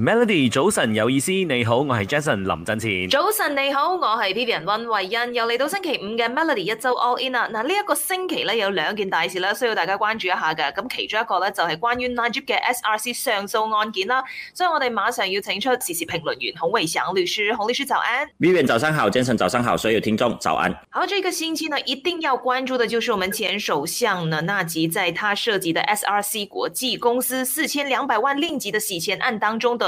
Melody，早晨有意思，你好，我係 Jason 林振前。早晨你好，我係 Vivian 溫慧欣，又嚟到星期五嘅 Melody 一周 All In 啦、啊。嗱，呢、這、一個星期咧有兩件大事啦，需要大家關注一下嘅。咁其中一個咧就係關於納吉嘅 SRC 上訴案件啦，所以我哋馬上要請出時事評論員孔偉祥律師，孔律師早安。Vivian 早上好，Jason 早上好，所有聽眾早安。好，呢、這個星期呢一定要關注嘅就是我們前首相呢納吉在他涉及嘅 SRC 國際公司四千兩百萬令吉嘅洗錢案當中嘅。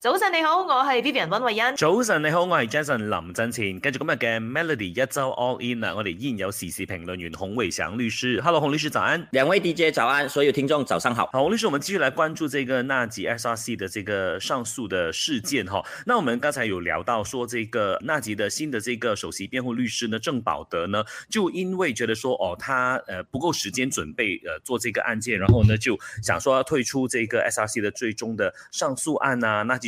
早晨你好，我係 Vivian 溫慧欣。早晨你好，我係 Jason 林振前。繼續今日嘅 Melody 一周 All In 啊，我哋依然有 CC 評論員洪偉祥律師。Hello，洪律師早安。兩位 DJ 早安，所有聽眾早上好。好，洪律師，我們繼續來關注這個納吉 S R C 的這個上訴的事件哈。 那我們剛才有聊到說，這個納吉的新的這個首席辯護律師呢，鄭保德呢，就因為覺得說，哦，他呃，不夠時間準備，呃，做這個案件，然後呢就想說要退出這個 S R C 的最終的上訴案啊，納吉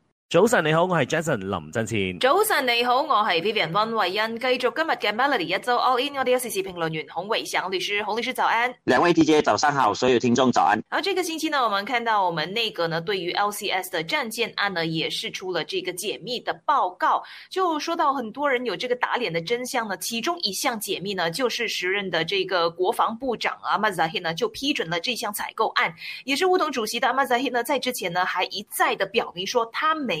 早晨你好，我係 Jason 林振前。早晨你好，我是 Vivian Van Wyen 溫慧欣。繼續今日嘅 Melody 一周 All In 我哋嘅時事評論員洪偉祥律師，洪律師早安。兩位 DJ 早上好，所有聽眾早安。而呢、這個星期呢，我們看到我們內閣呢對於 LCS 的戰艦案呢，也是出了這個解密的報告。就說到很多人有這個打臉的真相呢，其中一項解密呢，就是時任的這個國防部長阿馬扎希呢，就批准了這項採購案。也是巫統主席的阿馬扎希呢，在之前呢，還一再的表明說，他沒。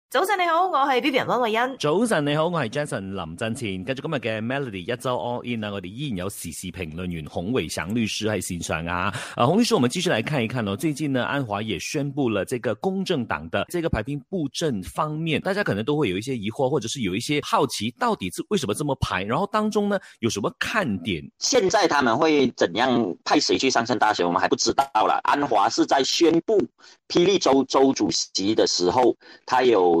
早晨你好，我係 Vivian 溫慧欣。早晨你好，我是 Jason 林振前。跟住今日嘅 Melody 一周 All In 啊，我哋依然有時事評論員洪偉祥律師喺現場啊。啊，洪律師，我們繼續來看一看咯。最近呢，安華也宣佈了這個公正黨的這個排兵佈陣方面，大家可能都會有一些疑惑，或者是有一些好奇，到底是為什麼這麼排？然後當中呢，有什麼看點？現在他們會怎樣派誰去上陣大選？我們還不知道了。安華是在宣佈霹靂州州主席的時候，他有。